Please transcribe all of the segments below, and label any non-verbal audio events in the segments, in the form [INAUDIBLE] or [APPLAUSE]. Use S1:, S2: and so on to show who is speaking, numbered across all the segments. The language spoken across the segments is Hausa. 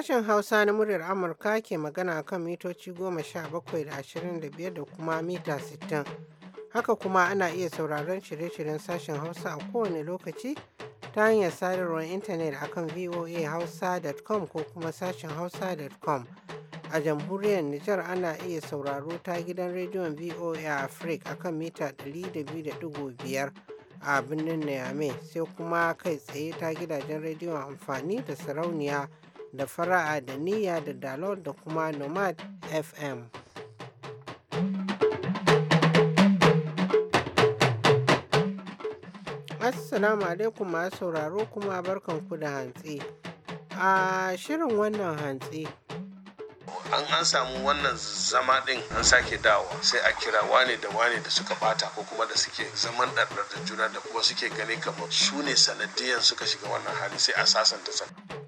S1: Sashen Hausa na muryar Amurka ke magana kan mitoci goma sha bakwai da ashirin da biyar da kuma mita sittin. Haka kuma ana iya sauraron shirye-shiryen sashen Hausa a kowane lokaci ta hanyar sadarwar intanet akan voahausa.com ko kuma sashen hausa.com. A jamhuriyar Nijar ana iya sauraro ta gidan rediyon VOA Africa akan mita 200.5 a birnin Niamey sai kuma kai tsaye ta gidajen rediyon amfani da sarauniya da fara'a da niyya da dalol da kuma nomad fm assalamu alaikum masu sauraro kuma barkan ku da hantsi a shirin wannan hantsi
S2: an an samu wannan zama din an sake dawa sai a kira wane da wane da suka bata ko kuma da suke zaman ɗarɗar da juna da kuma suke gani kamar su ne sanadiyan suka shiga wannan hali sai a sasanta sanadiyan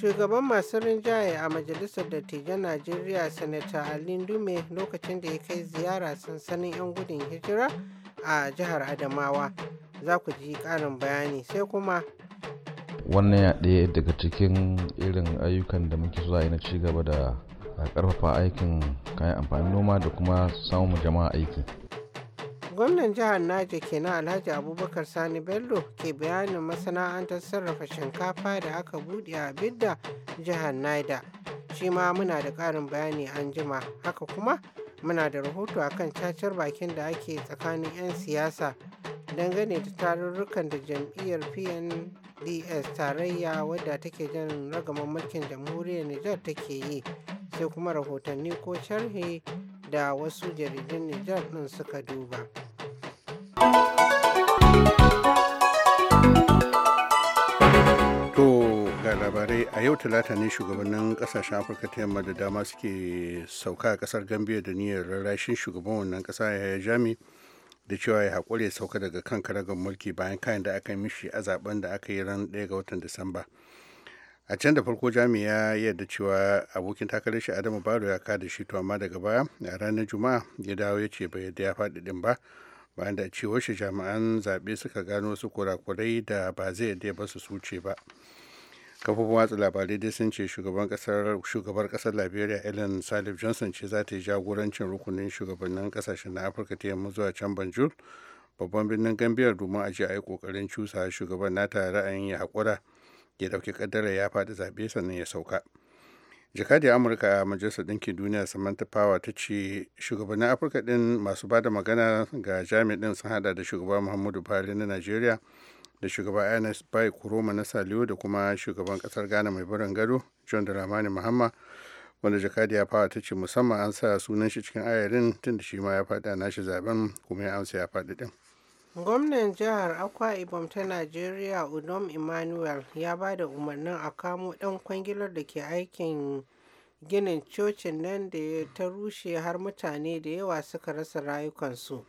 S1: shugaban masu rinjaye a majalisar dattijan najeriya sanata ali dume lokacin da ya kai ziyara sansanin 'yan gudun hijira a jihar adamawa za ku ji karin bayani sai kuma
S3: wannan ya ɗaya daga cikin irin ayyukan da muke so yi na ci gaba da karfafa aikin kayan amfanin noma da kuma samun jama'a aiki
S1: gwamnan jihar naja kenan alhaji abubakar sani bello ke bayanin masana'antar sarrafa shinkafa da aka buɗe a bidda jihar naida shi ma muna da ƙarin bayani an jima haka kuma muna da rahoto akan cacar bakin da ake tsakanin 'yan siyasa dangane da tarurrukan da jam'iyyar pnds tarayya wadda take jan ragaman mulkin jamhuriyar nijar take yi sai kuma rahotanni ko sharhi da wasu jaridun nijar din suka duba.
S4: labarai a yau talata ne shugabannin kasashen afirka ta yamma da dama suke sauka a kasar gambia da niyyar rarrashin shugaban wannan kasa ya jami da cewa ya haƙuri ya sauka daga kan karagar mulki bayan kayan da aka yi mishi a zaben da aka yi ran ɗaya ga watan disamba a can da farko jami ya yarda cewa abokin takarar shi adamu baro ya kada shi to amma daga baya a ranar juma'a ya dawo ya ce bai yadda ya faɗi ɗin ba bayan da cewar shi jami'an zaɓe suka gano wasu kurakurai da ba zai yadda ba su suce ba kafofin watsa labarai dai sun ce shugaban kasar shugabar kasar liberia ellen salif johnson ce za ta yi jagorancin rukunin shugabannin kasashen na afirka ta yamma zuwa can banjul babban birnin gambiyar domin a je a yi kokarin cusa shugaban nata ra'ayin ya haƙura ya ɗauki kaddara ya faɗi zaɓe sannan ya sauka jakadiyar amurka a majalisar ɗinkin duniya samantha power ta ce shugabannin afirka ɗin masu ba da magana ga jami'in sun hada da shugaba muhammadu buhari na najeriya da shugaba ernest bai kuroma na saliyo da kuma shugaban kasar ghana mai barin gado john dramani muhammad wanda ya fawa ta ce musamman an sa sunan shi cikin ayarin tun da shi ma ya faɗi nashi zaben kuma ya amsa ya faɗi din
S1: gwamnan jihar akwa ibom ta nigeria udom emmanuel ya ba da umarnin a kamo ɗan kwangilar da ke aikin ginin cocin nan da ta rushe har mutane da yawa suka rasa rayukansu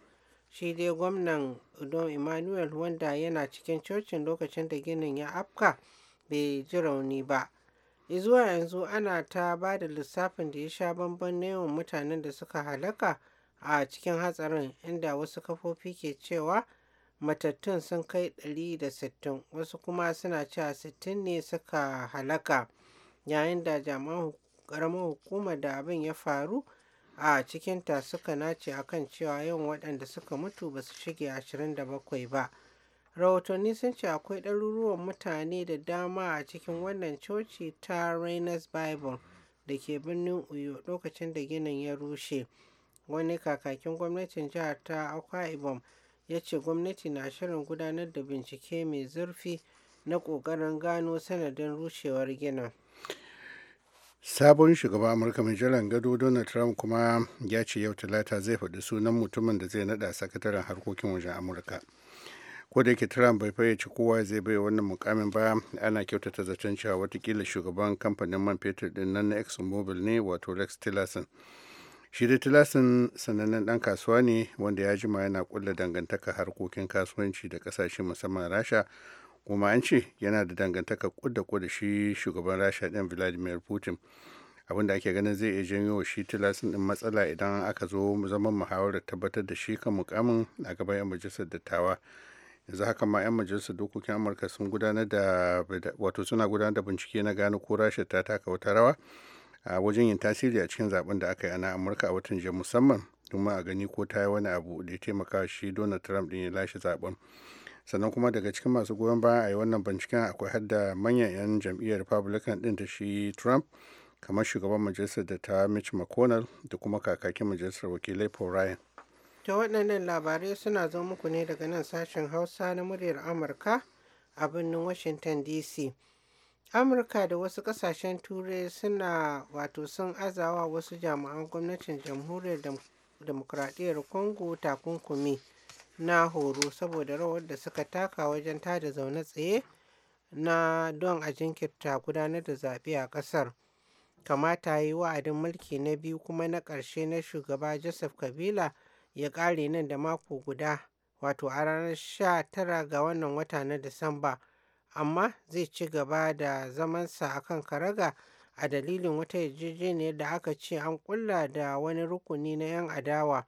S1: shi dai gwamnan don emmanuel wanda yana cikin cocin lokacin da ginin ya afka bai ji rauni ba zuwa yanzu ana ta ba da lissafin da ya sha bamban na yawan mutanen da suka halaka a cikin hatsarin inda wasu kafofi ke cewa matattun sun kai 160 wasu kuma suna cewa 60 ne suka halaka yayin da jami'an hukumar da abin ya faru a cikinta suka nace akan cewa yawan waɗanda suka mutu ba su shige 27 ba rahotanni sun ce akwai ɗaruruwan mutane da dama a cikin wannan coci ta Rainers bible da ke birnin uyo lokacin da ginin ya rushe wani kakakin gwamnatin jihar ta akwa ibom ya ce gwamnati na shirin gudanar da bincike mai zurfi na ƙoƙarin gano sanadin rushewar ginin
S4: sabon shugaban amurka mai jiran gado donald trump kuma ya ce yau talata zai faɗi sunan mutumin da zai naɗa sakataren harkokin wajen amurka ko da yake trump bai fayyace kowa zai bai wannan mukamin ba ana kyautata zaton cewa watakila shugaban kamfanin man fetur din nan na exxonmobil ne wato rex tillerson shi da tillerson sanannen dan kasuwa ne wanda ya jima yana kulla dangantaka harkokin kasuwanci da kasashe musamman rasha kuma an ce yana da dangantaka kudda da shi shugaban rasha ɗin vladimir putin abin da ake ganin zai iya janyo wa shi tilasin ɗin matsala idan aka zo zaman muhawarar tabbatar da shi kan mukamin a gaban 'yan majalisar dattawa yanzu haka ma 'yan majalisar dokokin amurka sun gudanar da wato suna gudanar da bincike na gano ko rasha ta taka wata rawa a wajen yin tasiri a cikin zaben da aka yi na amurka a watan jiya musamman domin a gani ko ta yi wani abu da ya taimaka shi donald trump din ya lashe zaben sannan kuma daga cikin masu goyon baya a yi wannan binciken akwai hadda manyan 'yan jam'iyyar republican din da shi trump kamar shugaban majalisar da ta mitch mcconnell da kuma kakakin majalisar wakilai paul ryan
S1: ta waɗannan labarai suna zo muku ne daga nan sashen hausa na muryar amurka a birnin washington dc amurka da wasu ƙasashen turai suna wato sun azawa wasu jami'an gwamnatin jamhuriyar demokradiyyar congo takunkumi na horo saboda rawar da suka taka wajen tada zaune tsaye na don a jinkirta gudanar da zaɓe a ƙasar. Kamata yi wa'adin mulki na biyu kuma na ƙarshe na shugaba Joseph Kabila ya ƙare nan da mako guda wato a ranar 19 ga wannan wata na Disamba. Amma zai ci gaba da zamansa a kan karaga a dalilin wata yarjejeniyar da aka ce an ƙulla da wani rukuni na 'yan adawa.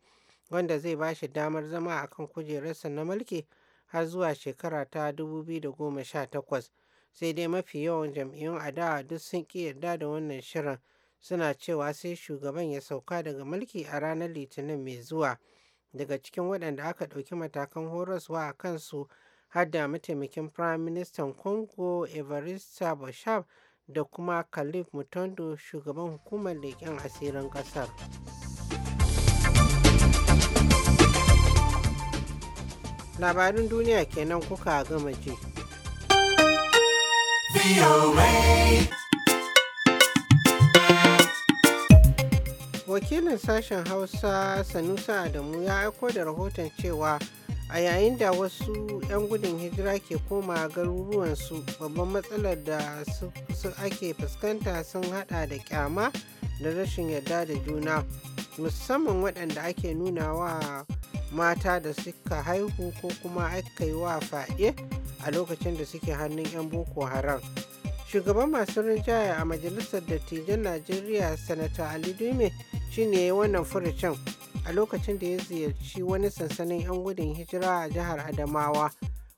S1: wanda zai ba shi damar zama a kan kujerarsa na mulki har zuwa shekara ta 2018 sai dai mafi yawan jam'iyyun adawa duk sun ki yarda da wannan shirin suna cewa sai shugaban ya sauka daga mulki a ranar litinin mai zuwa daga cikin waɗanda aka ɗauki matakan horaswa a kansu har da mataimakin prime ministan congo evarista boshab da kuma khalif mutondo shugaban hukumar leƙen asirin ƙasar. labarin duniya kenan kuka gama ji. wakilin sashen hausa sanusa adamu ya aiko da rahoton cewa a yayin da wasu 'yan gudun hijira ke koma garuruwansu babban matsalar da su ake fuskanta sun hada da kyama da rashin yarda da juna musamman waɗanda ake nuna wa mata da suka haihu ko kuma aka yi wa fa'e a lokacin da suke hannun 'yan boko haram shugaban masu rinjaya a majalisar dattijan najeriya sanata ali dume shine ya wannan furucin a lokacin da ya ziyarci wani sansanin 'yan gudun hijira a jihar adamawa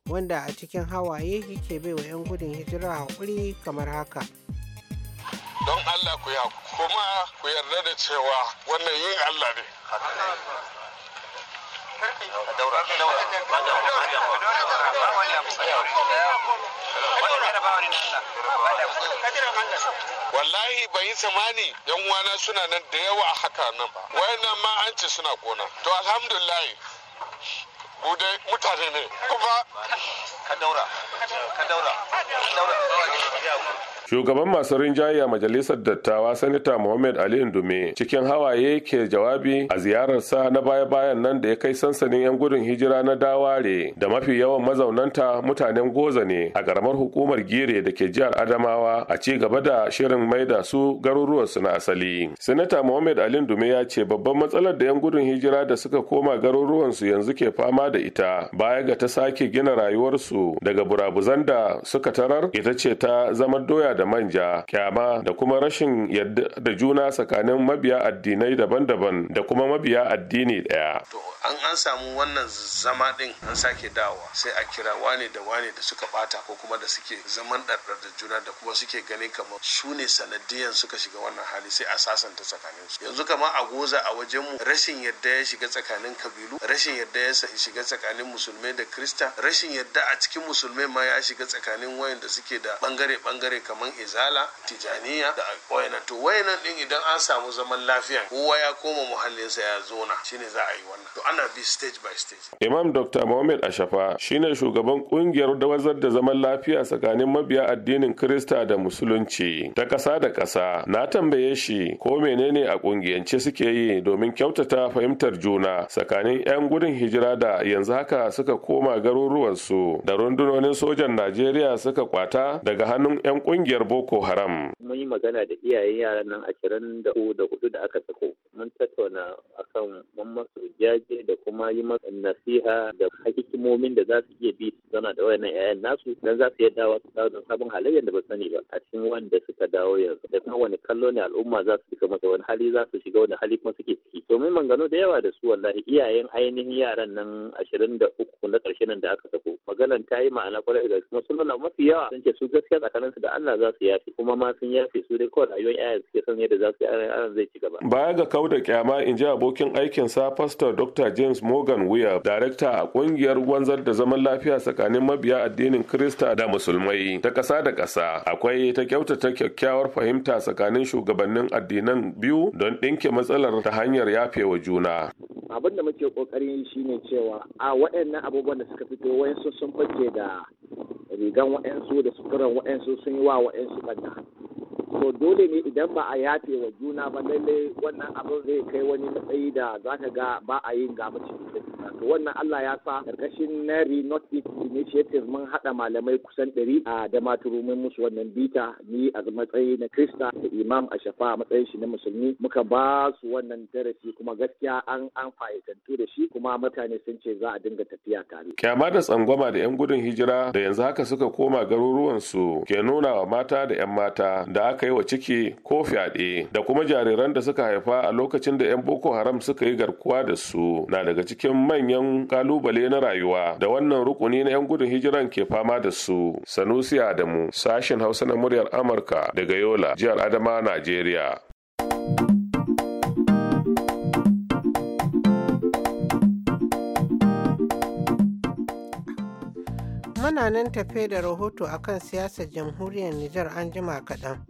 S1: wanda a cikin hawaye yake baiwa 'yan gudun hijira haƙuri kamar haka don allah
S2: ku ya kuma ku yarda da cewa wannan yin allah ne wallahi bai yi tsammani yan uwana suna nan da yawa a haka nan ba nan ma an ce suna gona to alhamdulillah mu mutane ne kuma ka daura Shugaban masu rinjaya majalisar dattawa Sanita Mohammed Ali Indume cikin hawaye ke jawabi a ziyararsa na baya-bayan nan da ya kai sansanin 'yan gudun hijira na Daware da mafi yawan mazaunanta mutanen Goza ne a garamar hukumar Gere da ke jihar Adamawa a ci gaba da shirin maida su garuruwansu na asali. Sanita Mohammed Ali Indume ya ce babban matsalar da 'yan gudun hijira da suka koma garuruwansu yanzu ke fama da ita baya ga ta sake gina rayuwarsu daga burabuzan da suka tarar ita ce ta zama doya da manja kyama da kuma rashin yadda da juna tsakanin mabiya addinai daban-daban da kuma mabiya addini ɗaya. To an an samu wannan zama ɗin an sake dawa sai a kira wane da wane da suka bata ko kuma da suke zaman ɗarɗar da juna da kuma suke ganin kamar su ne sanadiyan suka shiga wannan hali sai a sasanta tsakaninsu. Yanzu kamar a goza a wajenmu rashin yadda ya shiga tsakanin kabilu rashin yadda ya shiga shiga tsakanin musulmai da krista rashin yadda a cikin musulmai ma ya shiga tsakanin wayanda suke da bangare-bangare kamar izala tijaniya da wayanan to wayanan din idan an samu zaman lafiya kowa ya koma muhallinsa ya zona shine za a yi wannan to ana bi stage by stage imam dr mohammed ashafa shine shugaban kungiyar dawazar da zaman lafiya tsakanin mabiya addinin krista da musulunci ta kasa da kasa na tambaye shi ko menene a kungiyance suke yi domin kyautata fahimtar juna tsakanin 'yan gudun hijira da yanzu haka suka koma garuruwansu da rundunonin sojan najeriya suka kwata daga hannun 'yan kungiyar boko haram
S5: mun yi magana da iyayen yaran nan ashirin da hudu da aka sako mun tattauna akan masu jaje da kuma yi masa nasiha da hakikimomin da za su iya bi su zana da wayannan yayan nasu dan za su iya dawo su dawo don sabon halayyar da ba sani ba a cikin wanda suka dawo yanzu da kuma wani kallo ne al'umma za su shiga masa wani hali za su
S6: shiga wani hali kuma suke ciki to mun mangano da yawa da su wallahi iyayen ainihin yaran nan ashirin
S5: da uku na ƙarshe nan da aka sako maganan ta yi ma'ana kwarai da kuma sun nuna mafi yawa sun ce su gaskiya tsakaninsu da Allah za su yafe kuma ma sun yafe su dai kawai rayuwar yayan suke son yadda za su yi yaran zai ci gaba.
S2: kau da kyama in ji abokin aikinsa pastor dr james morgan weir darekta a kungiyar wanzar da zaman lafiya tsakanin mabiya addinin krista da musulmai ta kasa da kasa akwai ta kyautata kyakkyawar fahimta tsakanin shugabannin addinan biyu don ɗinke matsalar ta hanyar yafewa juna
S5: abin da muke kokari shine cewa a waɗannan abubuwan da suka fito wayansu sun fake da rigan waɗansu da suturan waɗansu sun yi wa waɗansu ɓanna To dole ne idan ba a yafe wa juna ba lallai wannan abin zai kai wani matsayi da za ka ga ba a yin ga mace to wannan Allah ya sa karkashin Nari North East Initiative mun hada malamai kusan ɗari a da mun musu wannan bita ni a matsayi na Krista da Imam Ashafa a matsayin shi na musulmi muka ba su wannan darasi kuma gaskiya an an fa'idantu da shi kuma mutane sun ce za a dinga tafiya tare.
S2: Kyama da tsangwama da 'yan gudun hijira da yanzu haka suka koma garuruwan su ke nuna wa mata da 'yan mata da aka aka yi wa ciki ko fyaɗe da kuma jariran da suka haifa a lokacin da 'yan boko haram suka yi garkuwa da su na daga cikin manyan kalubale na rayuwa da wannan rukuni na 'yan gudun hijiran ke fama da su sanusi adamu sashen hausa na muryar amurka daga yola jihar adama najeriya
S1: muna nan tafe da rahoto akan siyasar jamhuriyar Nijar an jima kaɗan.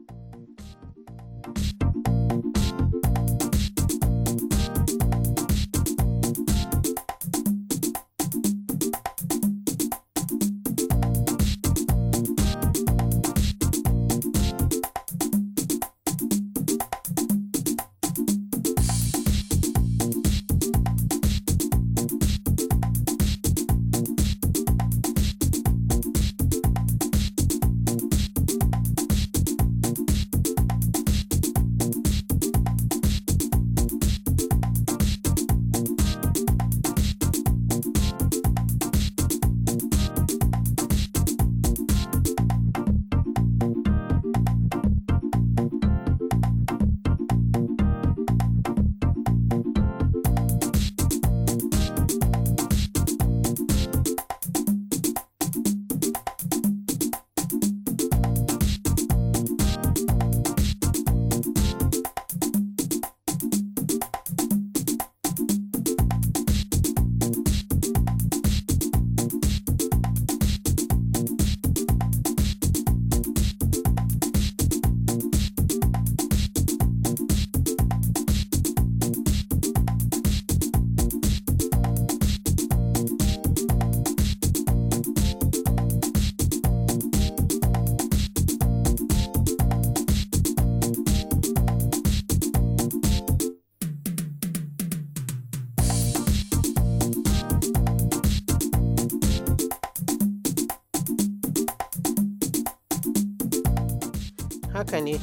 S1: haka ne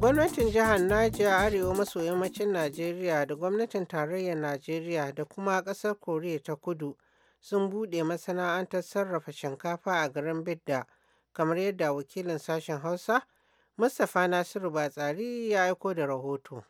S1: gwamnatin jihar Najeriya arewa maso yammacin Najeriya da gwamnatin tarayyar Najeriya da kuma ƙasar Koriya ta kudu sun buɗe masana'antar sarrafa shinkafa a garin Bidda kamar yadda wakilin sashen Hausa Mustapha Nasiru Batsari ya aiko da rahoto.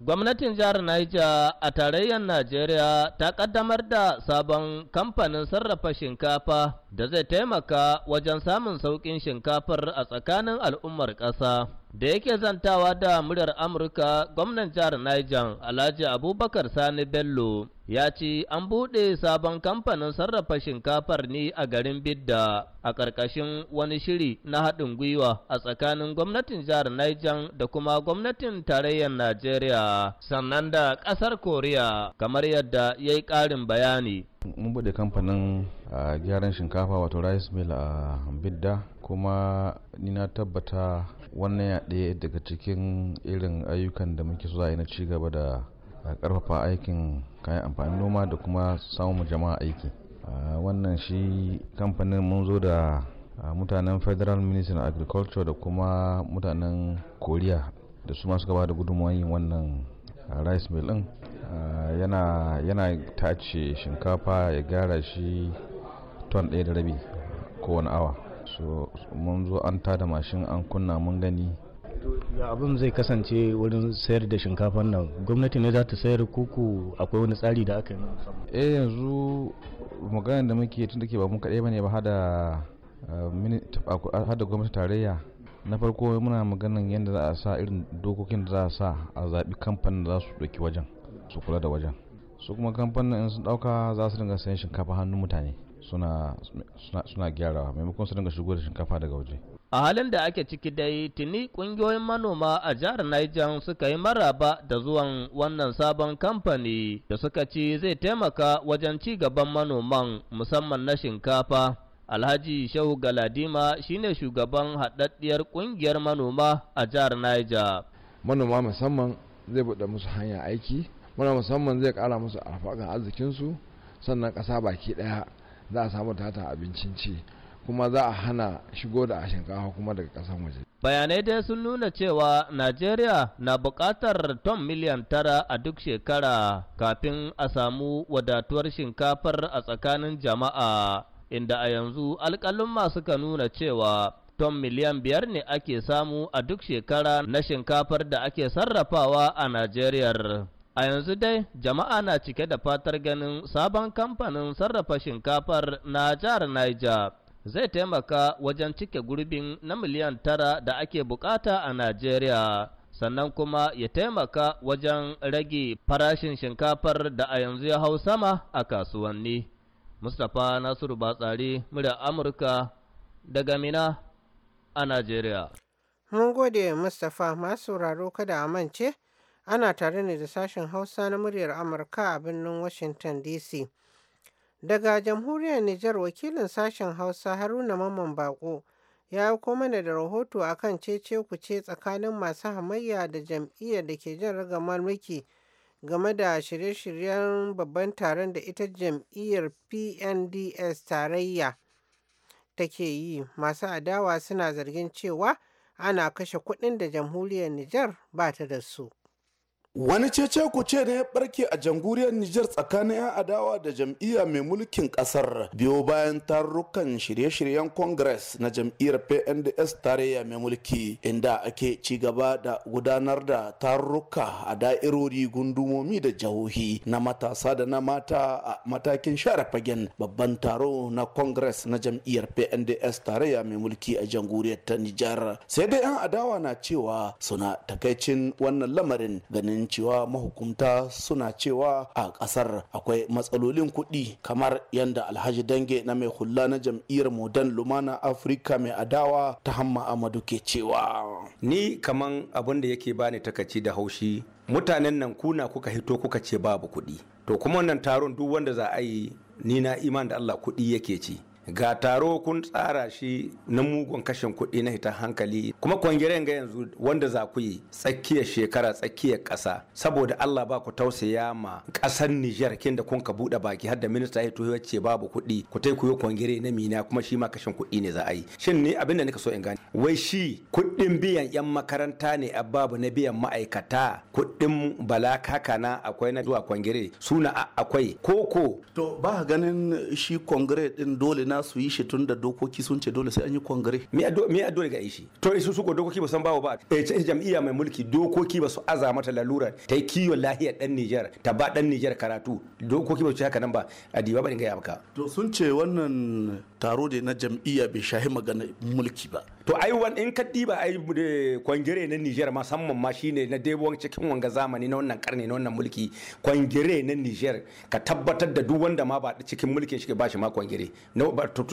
S6: Gwamnatin jihar Niger a tarayyar Najeriya ta ƙaddamar da sabon kamfanin sarrafa shinkafa da zai taimaka wajen samun sauƙin shinkafar a tsakanin al'ummar ƙasa. Da yake zantawa da muryar Amurka, gwamnan jihar Niger Alhaji Abubakar Sani Bello ya ce an buɗe sabon kamfanin sarrafa shinkafar ne a garin Bidda a ƙarƙashin wani shiri na haɗin gwiwa a tsakanin gwamnatin jihar Niger da kuma gwamnatin tarayyar Najeriya sannan da ƙasar Koriya kamar yadda ya yi ƙarin bayani.
S3: Mun buɗe kamfanin a gyaran shinkafa wato rice mill a bidda kuma ni na tabbata wannan ya ɗaya daga cikin irin ayyukan da muke so yi na ci gaba da karfafa aikin kayan amfanin noma da kuma samun jama'a aiki wannan shi kamfanin mun zo da mutanen federal ministry of agriculture da kuma mutanen koriya da su masu gaba da gudunmawar yin wannan rice mill din yana tace shinkafa ya gyara shi ton ɗaya da rabi kowane awa so mun zo an tada mashin an kunna mun gani ya abin zai kasance wurin sayar da shinkafan nan gwamnati ne za ta sayar kuku akwai wani tsari da aka yi eh yanzu maganar da muke tun da ke ba mu kaɗai bane ba hada hada gwamnati tarayya na farko muna maganar yadda za a sa irin dokokin da za a sa a zaɓi kamfanin da za su ɗauki wajen su kula da wajen su kuma kamfanin in sun ɗauka za su dinga sayan shinkafa hannun mutane suna suna gyarawa maimakon su dinga shigo da shinkafa daga waje
S6: a halin da ake ciki dai tuni kungiyoyin manoma a jihar Niger suka yi maraba da zuwan wannan sabon kamfani da suka ci zai taimaka wajen ci gaban manoman musamman na shinkafa Alhaji Shehu Galadima shine shugaban haɗaɗɗiyar ƙungiyar manoma a jihar Niger.
S3: Manoma musamman zai buɗe musu hanya aiki, manoma musamman zai ƙara musu alfakan arzikinsu sannan ƙasa baki ɗaya za a samu tata abincin ci kuma za a hana shigo da shinkafa kuma daga
S5: waje
S6: bayanai dai sun nuna cewa najeriya na bukatar ton miliyan tara a duk shekara kafin a samu wadatuwar shinkafar a tsakanin jama'a inda a yanzu alƙalumma suka nuna cewa ton miliyan biyar ne ake samu a duk shekara na shinkafar da ake sarrafawa a Najeriya. A yanzu dai jama'a na cike da fatar ganin sabon kamfanin sarrafa shinkafar na jihar Niger zai taimaka wajen cike gurbin na miliyan tara da ake bukata a Najeriya. Sannan kuma ya taimaka wajen rage farashin shinkafar da a yanzu ya hau sama a kasuwanni. Mustapha Nasiru Batsari, murya Amurka daga Mina a Najeriya.
S1: Mun gode Mustapha masu sauraro kada a mance. Ana tare ne da sashen Hausa na muryar Amurka a birnin Washington DC. Daga jamhuriyar Nijar wakilin sashen Hausa Haruna Mamman Bako ya aiko mana da rahoto akan cece kuce tsakanin masu hamayya da jam'iyyar da ke jan ragamar mulki game da shirye-shiryen babban taron da ita jam'iyyar PNDS tarayya take yi masu adawa suna zargin cewa ana kashe kuɗin da jamhuriyar Nijar ba ta da su.
S7: Wani cece ce ne ya barke a jamhuriyar Nijar tsakanin 'yan adawa da jam'iyya mai mulkin kasar biyo bayan tarurrukan shirye-shiryen Congress na jam'iyyar PNDS tarayya mai mulki inda ake ci gaba da gudanar da tarurruka a da'irori gundumomi da jahohi. na matasa da na mata a matakin share fagen babban taro na Congress na jam'iyyar PNDS tarayya mai mulki a jamhuriyar ta Nijar. Sai dai 'yan adawa na cewa suna takaicin wannan lamarin ganin ganin cewa mahukumta suna cewa a kasar akwai matsalolin kuɗi kamar yadda alhaji dange na mai hula na jam'iyyar modern lumana afirka mai adawa ta hamma amadu
S8: ke cewa ni kaman abin da yake bani takaci da haushi mutanen nan kuna kuka hito kuka ce babu kuɗi to kuma wannan taron duk wanda za a yi ni na iman da allah kuɗi yake ci ga taro kun tsara shi na mugun kashin kuɗi na hitan hankali kuma kwangiren ga yanzu wanda za ku yi tsakiyar shekara tsakiyar ƙasa saboda Allah ba ku tausaya ma ƙasar Nijar kin da kun ka buɗe baki har da minista ya tuhi ce babu kuɗi ku tai ku yi kwangire na mina kuma shi ma kashin kuɗi ne za a yi shin ni abin da nika so in gani wai shi kuɗin biyan yan makaranta ne a babu na biyan ma'aikata kuɗin bala kakana akwai na zuwa kwangire suna akwai koko to ba ganin shi kwangire din dole na su yi shi tun da dokoki sun ce dole sai an yi kongare me a dole ga shi to su su ko dokoki ba san bawo ba eh jam'iyya mai mulki dokoki ba su aza mata lalura ta yi kiwon lahiyar dan Nijar ta ba dan Nijar karatu dokoki ba su haka nan ba a diba ba ga maka to sun ce wannan taro da na jam'iyya bai shahi magana mulki ba to ai wan in ka diba ai eh, kwangire na Nijar musamman ma shine na debon cikin wanga zamani na wannan karni na wannan mulki kwangire na Nijar ka tabbatar da duk wanda ma ba cikin mulkin shi ba shi ma kwangire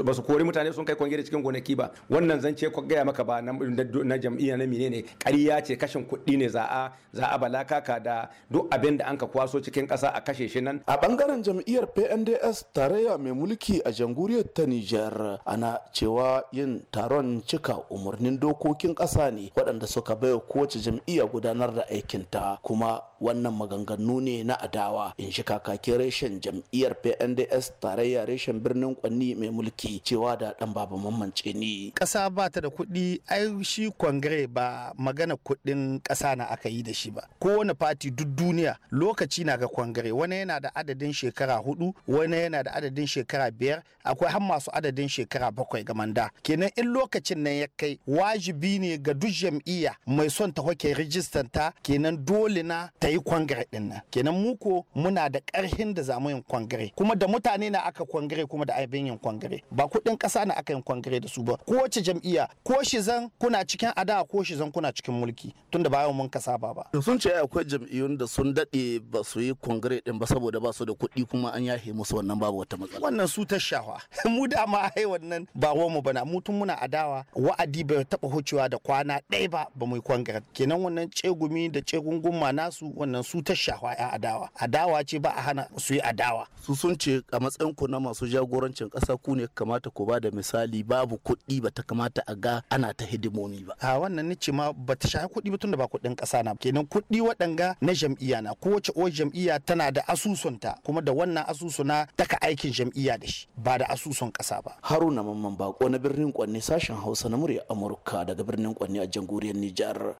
S8: ba su kori mutane sun kai kwangire cikin gonaki ba wannan zance ko gaya maka ba na jam'iyya na menene ƙarya ce kashin kuɗi ne za a za a balaka ka da duk abin da ka kwaso cikin ƙasa a kashe shi nan a
S7: bangaren jam'iyyar PNDS tarayya mai mulki a jamhuriyar ta Nijar ana cewa yin taron cika umarnin dokokin ƙasa ne waɗanda suka baiwa kowace jam'iyya gudanar da aikinta kuma wannan maganganu ne na adawa in shi kakakin reshen jam'iyyar pnds tarayya reshen birnin kwanni mai mulki cewa da dan baba mamance ni ƙasa ba ta da kuɗi ai
S9: shi kwangare ba magana kuɗin ƙasa na aka yi da shi ba kowane fati duk duniya lokaci na ga kwangare wani yana da adadin shekara hudu wani yana da adadin shekara biyar akwai har masu adadin shekara bakwai ga manda kenan in lokacin nan ya kai wajibi ne ga duk jam'iyya mai son ta hoke rijistanta kenan dole na ta yi kwangare din nan kenan mu ko muna da karhin da zamu yin kwangare kuma da mutane na aka kwangare kuma da abin yin kwangare ba kuɗin ƙasa na aka yin kwangare da su ba kowace jam'iyya ko shi zan kuna cikin ada ko shi zan kuna cikin mulki tunda ba yau mun kasa ba ba
S7: sun ce akwai jam'iyyun da sun daɗe ba su yi kwangare din ba saboda ba su da kuɗi kuma an yahe musu wannan babu wata matsala wannan
S9: su ta shawa [LAUGHS] mu dama ai wannan ba mu bana mu tun muna adawa
S7: wa'adi bai
S9: taɓa hucewa da kwana ɗaya ba ba mu yi kwangare kenan wannan cegumi da cegungun nasu wannan su ta shafa ya adawa
S7: adawa ce ba a hana su yi adawa su sun ce a matsayin ku na masu jagorancin ƙasa ku ne kamata ku ba da misali babu kuɗi ba ta kamata a ga ana ta hidimomi
S9: ba a wannan ni ce ma ba ta shafi kuɗi ba tunda ba kuɗin ƙasa na kenan kuɗi waɗanga na jam'iyya na
S7: kowace uwar jam'iyya tana da asusunta kuma
S9: da wannan na taka aikin jam'iyya da shi
S7: ba da asusun ƙasa ba haruna mamman bako na birnin kwanne sashen hausa na murya amurka daga birnin kwanne a jamhuriyar nijar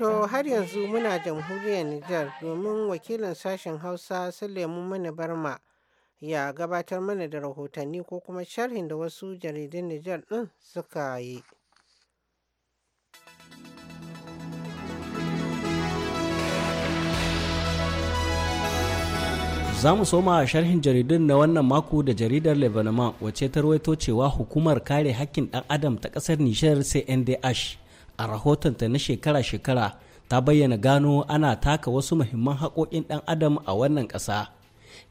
S1: To har yanzu muna jamhuriyar Nijar domin wakilin sashen Hausa Suleiman Mana Barma ya gabatar mana da rahotanni ko kuma sharhin da wasu jaridun Nijar ɗin suka yi.
S10: Za mu soma a sharhin jaridun na wannan mako da jaridar Lebanon wacce ta rawaito cewa hukumar kare hakkin ɗan adam ta ƙasar Nishar CNDH a rahotonta na shekara-shekara ta bayyana gano ana taka wasu muhimman haƙoƙin ɗan adam a wannan ƙasa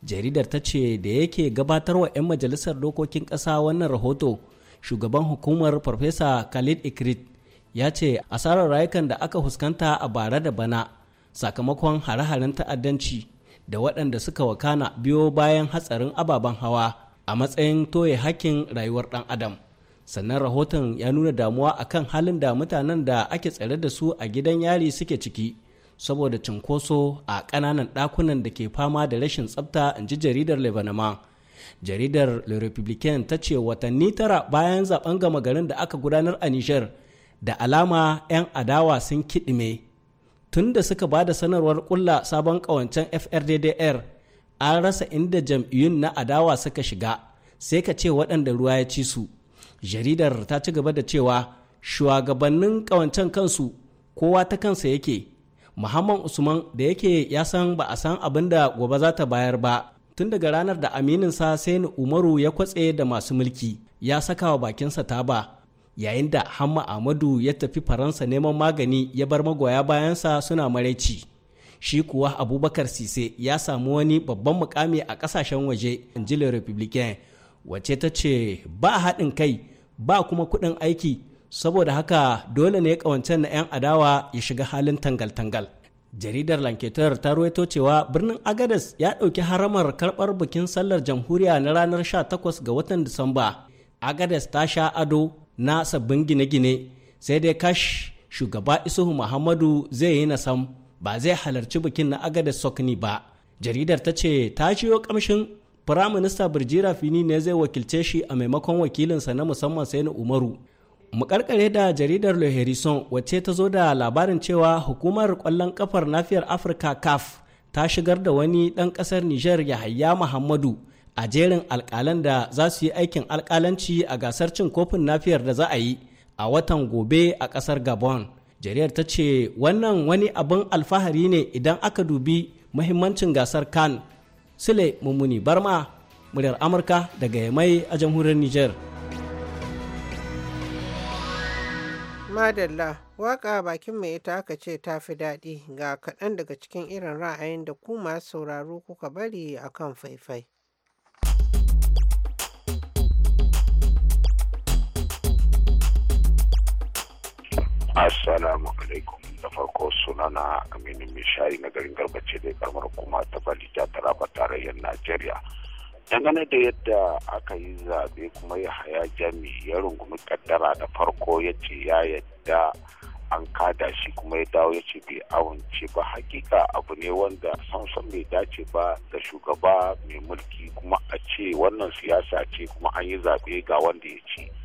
S10: jaridar ta ce da yake gabatarwa 'yan majalisar dokokin ƙasa wannan rahoto shugaban hukumar farfesa khalid ikrit ya ce asarar rayukan da aka fuskanta a bara da bana sakamakon hare-haren ta'addanci da waɗanda suka wakana biyo bayan hatsarin ababen hawa a matsayin toye hakkin rayuwar ɗan adam sannan rahoton ya nuna damuwa a kan halin da mutanen da ake tsare da su a gidan yari suke ciki saboda cinkoso a ƙananan ɗakunan da ke fama da rashin tsabta in ji jaridar lebanama jaridar le republican ta ce watanni tara bayan zaben gama garin da aka gudanar a nijar da alama 'yan adawa sun kiɗime tun da suka ba da sanarwar kulla sabon ƙawancen frddr an rasa inda jam'iyyun na adawa suka shiga sai ka ce waɗanda ruwa ya ci su jaridar ta ci gaba da cewa shugabannin kawancen kansu kowa ta kansa yake muhammad usman da yake ya san ba a san abin da gobe za ta bayar ba tun daga ranar da sa sai umaru ya kwatse da masu mulki ya saka wa bakinsa taba yayin da hamma amadu ya tafi faransa neman magani ya bar magoya bayansa suna maraici shi kuwa abubakar sise ya samu wani babban mukami a kasashen waje in republican wace ta ce ba haɗin kai ba kuma kuɗin aiki saboda haka dole ne ƙawance na 'yan adawa ya shiga halin tangal-tangal jaridar lanketar ta ruwaito cewa birnin agadas ya ɗauki haramar karɓar bikin sallar jamhuriya na ranar 18 ga watan disamba agadas ta sha ado na sabbin gine-gine sai dai kash shugaba isuhu muhammadu zai yi na sam ba zai halarci bikin na agadas sokni ba jaridar ta ce ta ciyo kamshin firaminista birjira fini ne zai wakilce shi a maimakon wakilinsa na musamman sai na umaru mu karkare da jaridar le harrison wacce ta zo da labarin cewa hukumar kwallon kafar nafiyar afirka caf ta shigar da wani ɗan ƙasar niger yahaya muhammadu a jerin alkalan da za su yi aikin alkalanci a gasar cin kofin nafiyar da za a yi a watan gobe a ƙasar gabon jaridar ta ce wannan wani abin alfahari ne idan aka dubi muhimmancin gasar kan Sule Mummuni Barma, muryar Amurka daga Yamai a jamhuriyar Nijar.
S1: Madalla, waka bakin mai ita aka ce ta fi daɗi ga kaɗan daga cikin irin ra'ayin da ku masu sauraro kuka bari a kan faifai.
S5: Assalamu alaikum. da farko na amini mishari na garin garbace da kamar kuma ta balija taraba tarayyar najeriya dangane da yadda aka yi zaɓe kuma ya haya jami ya rungumi kaddara da farko ya ce ya yadda an kada shi kuma ya dawo ya ce bai awance ba hakika abu ne wanda samson bai dace ba da shugaba mai mulki kuma a ce wannan siyasa ce kuma an yi zaɓe ga wanda ya ce.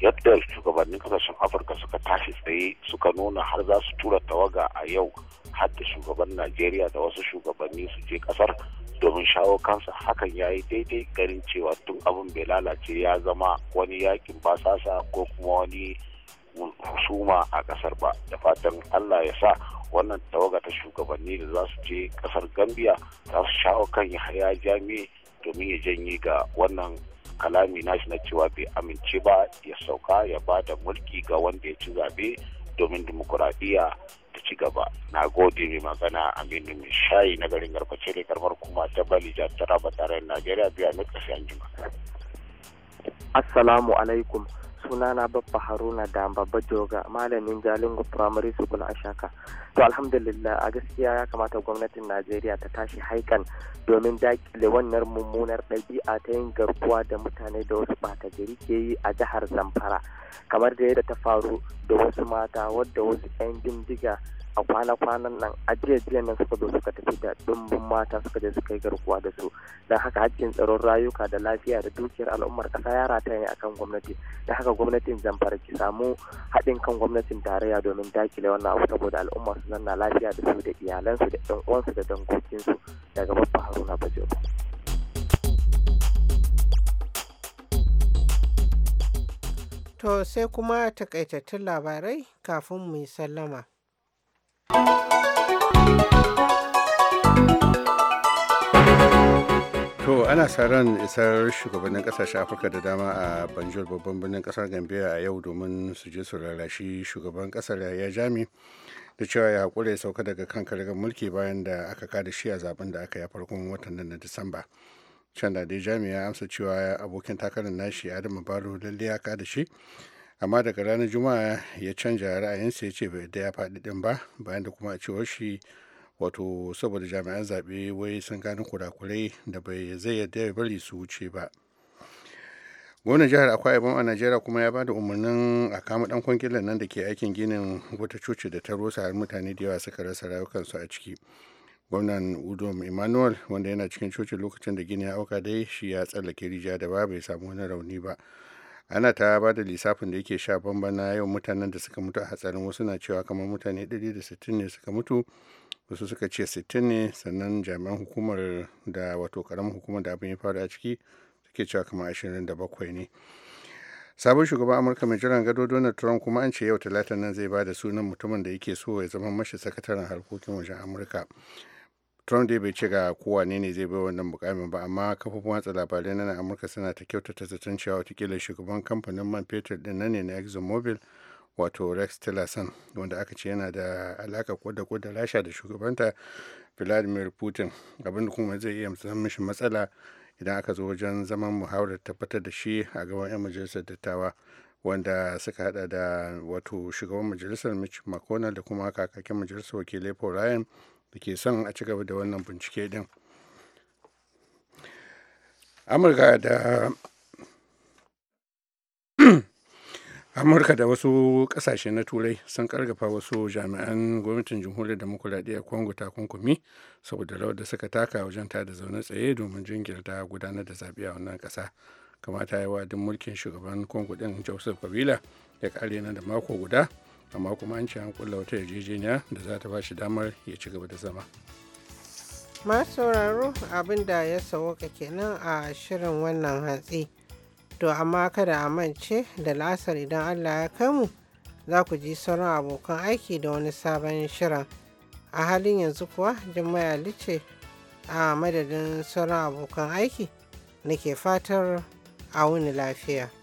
S5: yadda shugabannin kasashen afirka suka tashi tsaye suka nuna har za su tura tawaga a yau har da shugaban najeriya da wasu shugabanni su je kasar domin shawo kansa hakan ya yi daidai ganin cewa tun abin bai lalace ya zama wani yakin basasa ko kuma wani husuma a kasar ba da fatan allah ya sa wannan tawaga ta shugabanni da za su je kasar gambia za su shawo kan ya domin ya janye ga wannan kalami nashi na cewa bai amince ba ya sauka ya ba da mulki ga wanda ya ci zaɓe domin dimokuraɗiyya ta ci gaba na gode mai magana aminu mai shayi na garin garbace da karbar kuma ta bali jihar taraba tarayyar najeriya biya na ƙasa jima assalamu alaikum sunana babba haruna da babba joga malamin jalingo primary school a shaka to alhamdulillah a gaskiya ya kamata gwamnatin najeriya ta tashi haikan domin dakile wannan mummunar ɗabi'a ta yin garkuwa da mutane da wasu ɓata gari ke yi a jihar zamfara kamar da yadda ta faru da wasu mata wadda wasu 'yan bindiga a kwana-kwanan nan a jiya nan suka zo suka tafi da dumbin mata suka je suka yi garkuwa da su don haka hakkin tsaron rayuka da lafiya da dukiyar al'ummar kasa ya rataya ne akan gwamnati don haka gwamnatin zamfara ki samu haɗin kan gwamnatin tarayya domin dakile wannan abu saboda al'ummar su zanna lafiya da su da iyalansu da ɗan uwansu da dangokinsu daga babba haruna bajoba.
S1: To sai kuma takaitattun labarai kafin mu yi sallama.
S4: To ana sa ran isar shugabannin kasashen Afirka da dama a Banjul babban birnin kasar Gambia a yau domin su je su rarrashi shugaban kasar ya jami da cewa ya haƙura ya sauka daga kan karagar mulki bayan da aka kada shi a zaben da aka yi farkon watan nan na Disamba. Can da dai jami ya amsa cewa abokin takarar nashi Adamu Baro lalle ya kada shi amma daga ranar juma'a ya canja ra'ayinsa ya ce bai da ya faɗi ɗin ba bayan da kuma a cewar shi wato saboda jami'an zaɓe wai sun gano kurakurai da bai zai yarda ya bari su wuce ba gwamnan jihar akwai ibom a najeriya kuma ya bada umarnin a kama dan kwangilan nan da ke aikin ginin wata coci da ta rusa har mutane da yawa suka rasa rayukansu a ciki gwamnan udom emmanuel wanda yana cikin cocin lokacin da gini ya auka dai shi ya tsallake rijiya da ba bai samu wani rauni ba ana ta ba da lissafin da yake sha bamban na yawan mutanen da suka mutu a hatsarin wasu na cewa kamar mutane 160 ne suka mutu wasu suka ce 60 ne sannan jami'an hukumar da wato karamin hukumar da abin ya faru a ciki suke cewa kamar 27 ne sabon shugaban amurka mai jiran gado donald trump kuma an ce yau talata nan zai ba da sunan mutumin da yake so ya zama mashi sakataren harkokin wajen amurka trump dai bai ce ga kowa ne zai bai wannan mukamin ba amma kafofin watsa labarai na amurka suna ta kyautata zaton cewa watakila shugaban kamfanin man fetur din nan ne na exxonmobil wato rex tillerson wanda aka ce yana da alaka kwada kwada rasha da shugabanta vladimir putin abinda kuma zai iya musamman mishi matsala idan aka zo wajen zaman muhawarar tabbatar da shi a gaban 'yan majalisar dattawa wanda suka hada da wato shugaban majalisar mitch mcconnell da kuma kakakin majalisar wakilai paul ryan da ke son a ci gaba da wannan bincike din amurka da [CLEARS THROAT] amurka da wasu kasashe na turai sun kargafa wasu jami'an gwamnatin jamhuriyar demokuraɗiyyar congo takunkumi saboda rawar da suka taka wajen ta da zaune tsaye domin jingirta gudanar da zaɓe a wannan ƙasa kamata yawa duk mulkin shugaban congo ɗin joseph kabila ya kare nan da mako guda amma kuma an ce an kulla wata yarjejeniya da za ta ba shi damar ya ci gaba da zama
S1: masu sauraro abin da ya sauka kenan a shirin wannan hatsi to amma kada a mance da lasar idan allah ya kamu za ku ji sauran abokan aiki da wani sabon shirin a halin yanzu kuwa jimaya ce a madadin sauran abokan aiki nake fatar a wuni lafiya